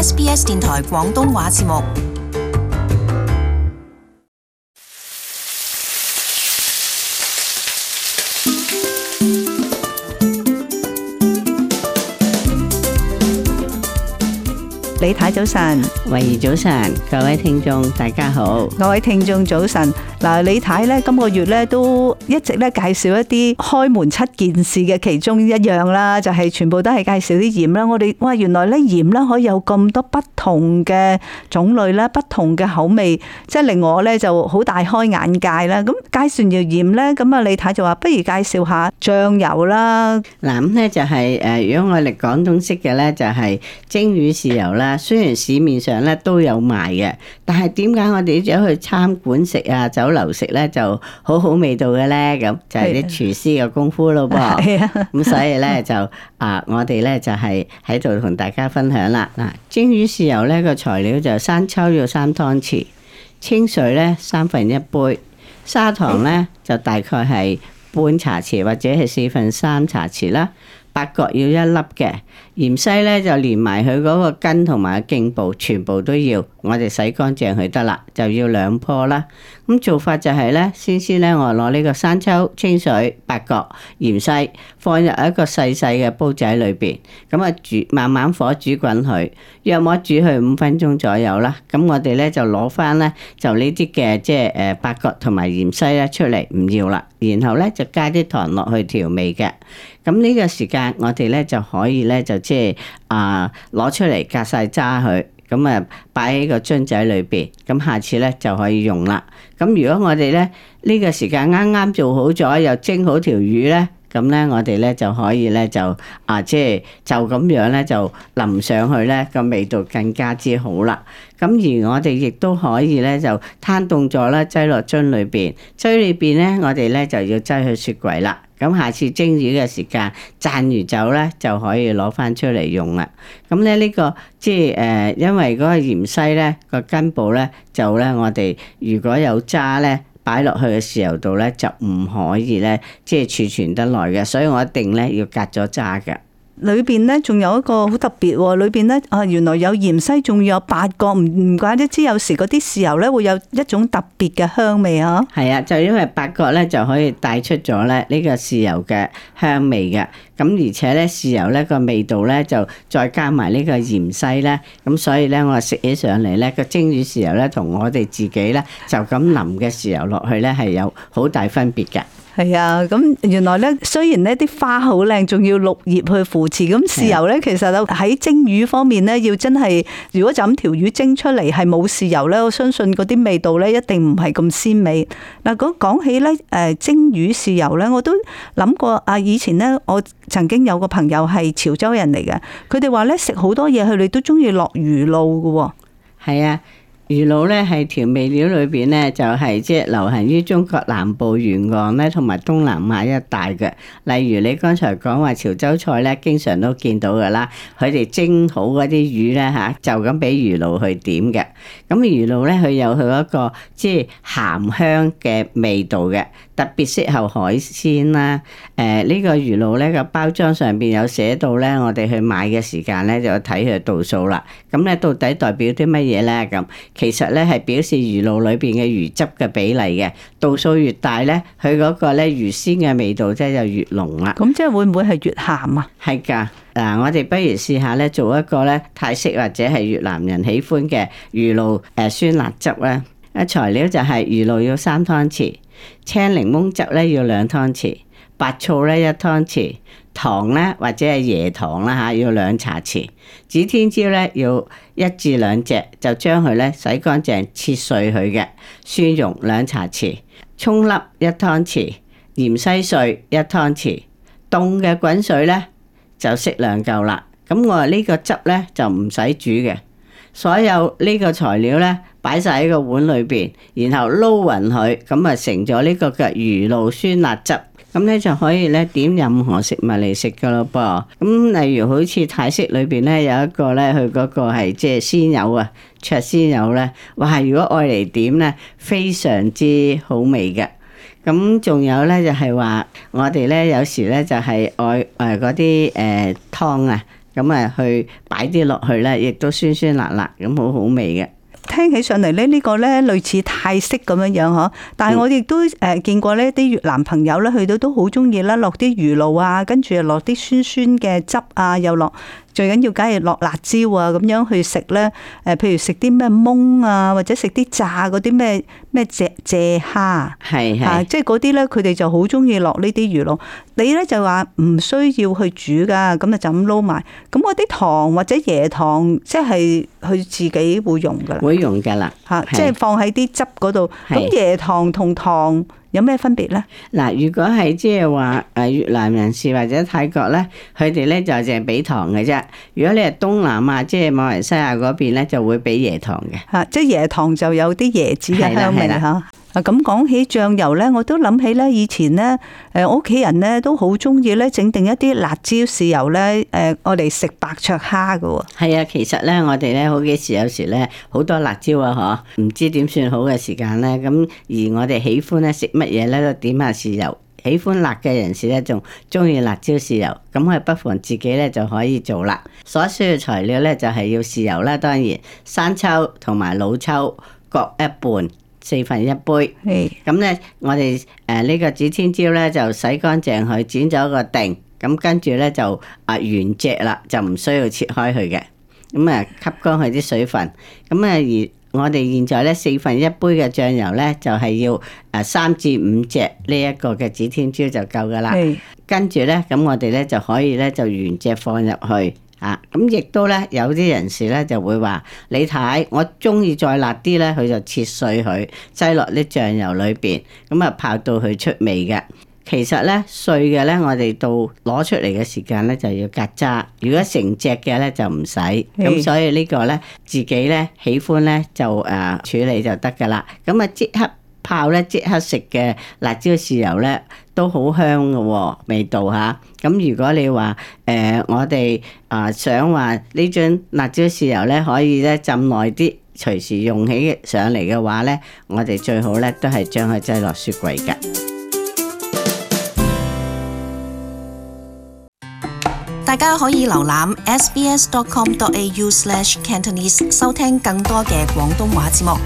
SBS 電台廣東話節目。李太早晨，慧怡早晨，各位聽眾大家好，各位聽眾早晨。嗱，李太咧，今個月咧都一直咧介紹一啲開門七件事嘅其中一樣啦，就係全部都係介紹啲鹽啦。我哋哇，原來咧鹽咧可以有咁多不同嘅種類啦，不同嘅口味，即係令我咧就好大開眼界啦。咁介紹完鹽咧，咁啊，李太就話不如介紹下醬油啦。嗱，咁咧就係誒，如果我哋廣東式嘅咧，就係蒸魚豉油啦。雖然市面上咧都有賣嘅，但係點解我哋走去餐館食啊、酒樓食咧、啊、就好好味道嘅咧？咁就係啲廚師嘅功夫咯噃。咁 所以咧就啊，我哋咧就係喺度同大家分享啦。嗱、啊，蒸魚豉油咧個材料就生抽要三湯匙，清水咧三分一杯，砂糖咧就大概係半茶匙或者係四分三茶匙啦。八角要一粒嘅，芫茜咧就連埋佢嗰個根同埋莖部，全部都要，我哋洗乾淨佢得啦，就要兩棵啦。咁做法就係咧，先先咧，我攞呢個生抽、清水、八角、芫茜放入一個細細嘅煲仔裏邊，咁啊煮，慢慢火煮滾佢，約摸煮佢五分鐘左右啦。咁我哋咧就攞翻咧，就呢啲嘅即係誒八角同埋芫茜咧出嚟，唔要啦。然後咧就加啲糖落去調味嘅。咁呢個時間。我哋咧就可以咧就即係啊攞出嚟隔晒渣佢，咁啊擺喺個樽仔裏邊。咁下次咧就可以用啦。咁如果我哋咧呢個時間啱啱做好咗，又蒸好條魚咧，咁咧我哋咧就可以咧就啊即係就咁樣咧就淋上去咧，個味道更加之好啦。咁而我哋亦都可以咧就攤凍咗咧擠落樽裏邊，樽裏邊咧我哋咧就要擠去雪櫃啦。咁下次蒸魚嘅時間，賺魚酒咧就可以攞翻出嚟用啦。咁咧呢個即係誒、呃，因為嗰個芫茜咧個根部咧就咧我哋如果有渣咧擺落去嘅豉油度咧就唔可以咧即係儲存得耐嘅，所以我一定咧要隔咗渣噶。裏邊咧仲有一個好特別喎，裏邊咧啊原來有芫茜，仲有八角，唔唔怪得知有時嗰啲豉油咧會有一種特別嘅香味啊！係啊，就因為八角咧就可以帶出咗咧呢個豉油嘅香味嘅，咁而且咧豉油咧個味道咧就再加埋呢個芫茜咧，咁所以咧我食起上嚟咧個蒸魚豉油咧同我哋自己咧就咁淋嘅豉油落去咧係有好大分別嘅。係啊，咁原來咧，雖然咧啲花好靚，仲要綠葉去扶持。咁豉油咧，其實喺蒸魚方面咧，要真係如果就咁條魚蒸出嚟，係冇豉油咧，我相信嗰啲味道咧一定唔係咁鮮美。嗱，講講起咧，誒，蒸魚豉油咧，我都諗過啊。以前咧，我曾經有個朋友係潮州人嚟嘅，佢哋話咧食好多嘢，佢哋都中意落魚露㗎。係啊。魚露咧係調味料裏邊咧，就係即係流行於中國南部沿岸咧，同埋東南亞一帶嘅。例如你剛才講話潮州菜咧，經常都見到㗎啦。佢哋蒸好嗰啲魚咧吓，就咁俾魚露去點嘅。咁魚露咧，佢有佢一個即係鹹香嘅味道嘅，特別適合海鮮啦。誒呢個魚露咧，個包裝上邊有寫到咧，我哋去買嘅時間咧就睇佢度數啦。咁咧到底代表啲乜嘢咧咁？其實咧係表示魚露裏邊嘅魚汁嘅比例嘅度數越大咧，佢嗰個咧魚鮮嘅味道咧就越濃啦。咁即係會唔會係越鹹啊？係㗎嗱，我哋不如試下咧做一個咧泰式或者係越南人喜歡嘅魚露誒、呃、酸辣汁咧。啊，材料就係魚露要三湯匙，青檸檬汁咧要兩湯匙，白醋咧一湯匙。糖咧或者係椰糖啦嚇，要兩茶匙。指天椒咧要一至兩隻，就將佢咧洗乾淨切碎佢嘅，蒜蓉兩茶匙，蔥粒一湯匙，芫茜碎一湯匙，凍嘅滾水咧就適量夠啦。咁我話呢個汁咧就唔使煮嘅，所有呢個材料咧擺晒喺個碗裏邊，然後撈勻佢，咁啊成咗呢個嘅魚露酸辣汁。咁咧就可以咧點任何食物嚟食噶咯噃，咁例如好似泰式裏邊咧有一個咧佢嗰個係即係鮮魷啊，灼鮮魷咧，哇！如果愛嚟點咧，非常之好味嘅。咁仲有咧就係話，我哋咧有時咧就係愛誒嗰啲誒湯啊，咁啊去擺啲落去咧，亦都酸酸辣辣咁好好味嘅。聽起上嚟咧，呢、這個咧類似泰式咁樣樣呵，但係我亦都誒見過呢啲越南朋友咧去到都好鍾意啦，落啲魚露啊，跟住落啲酸酸嘅汁啊，又落。最緊要梗係落辣椒啊，咁樣去食咧，誒，譬如食啲咩檬啊，或者食啲炸嗰啲咩咩蔗蔗蝦，係是是、啊、即係嗰啲咧，佢哋就好中意落呢啲魚露。你咧就話唔需要去煮噶，咁就咁撈埋。咁嗰啲糖或者椰糖，即係佢自己會用噶啦，會用噶啦、啊，即係放喺啲汁嗰度。咁是是 椰糖同糖。有咩分別咧？嗱，如果係即係話誒越南人士或者泰國咧，佢哋咧就淨係俾糖嘅啫。如果你係東南亞，即係馬來西亞嗰邊咧，就會俾椰糖嘅。嚇、啊，即係椰糖就有啲椰子嘅香味嚇。啊，咁講起醬油呢，我都諗起呢。以前呢，誒屋企人呢都好中意呢整定一啲辣椒豉油呢。誒我哋食白灼蝦㗎喎。係啊，其實呢，我哋呢好幾時有時呢好多辣椒啊，嗬，唔知點算好嘅時間呢。咁而我哋喜歡呢食乜嘢呢？都點下豉油，喜歡辣嘅人士呢，仲中意辣椒豉油，咁我哋不妨自己呢就可以做啦。所需嘅材料呢，就係要豉油啦，當然生抽同埋老抽各一半。四分一杯，咁咧、嗯、我哋誒呢個指天椒咧就洗乾淨佢，剪咗個頂，咁跟住咧就啊原隻啦，就唔需要切開佢嘅，咁啊吸乾佢啲水分，咁、嗯、啊而我哋現在咧四分一杯嘅醬油咧就係、是、要誒三至五隻呢一個嘅指天椒就夠㗎啦，嗯、跟住咧咁我哋咧就可以咧就原隻放入去。啊，咁亦都咧，有啲人士咧就會話：你睇，我中意再辣啲咧，佢就切碎佢，擠落啲醬油裏邊，咁啊泡到佢出味嘅。其實咧碎嘅咧，我哋到攞出嚟嘅時間咧就要隔渣；如果成隻嘅咧就唔使。咁的所以呢個咧，自己咧喜歡咧就誒、呃、處理就得噶啦。咁啊即刻。泡咧即刻食嘅辣椒豉油咧都好香嘅喎、哦、味道吓、啊。咁如果你話誒、呃、我哋啊想話呢樽辣椒豉油咧可以咧浸耐啲，隨時用起上嚟嘅話咧，我哋最好咧都係將佢擠落雪櫃嘅。大家可以瀏覽 sbs.com.au/cantonese 收聽更多嘅廣東話節目。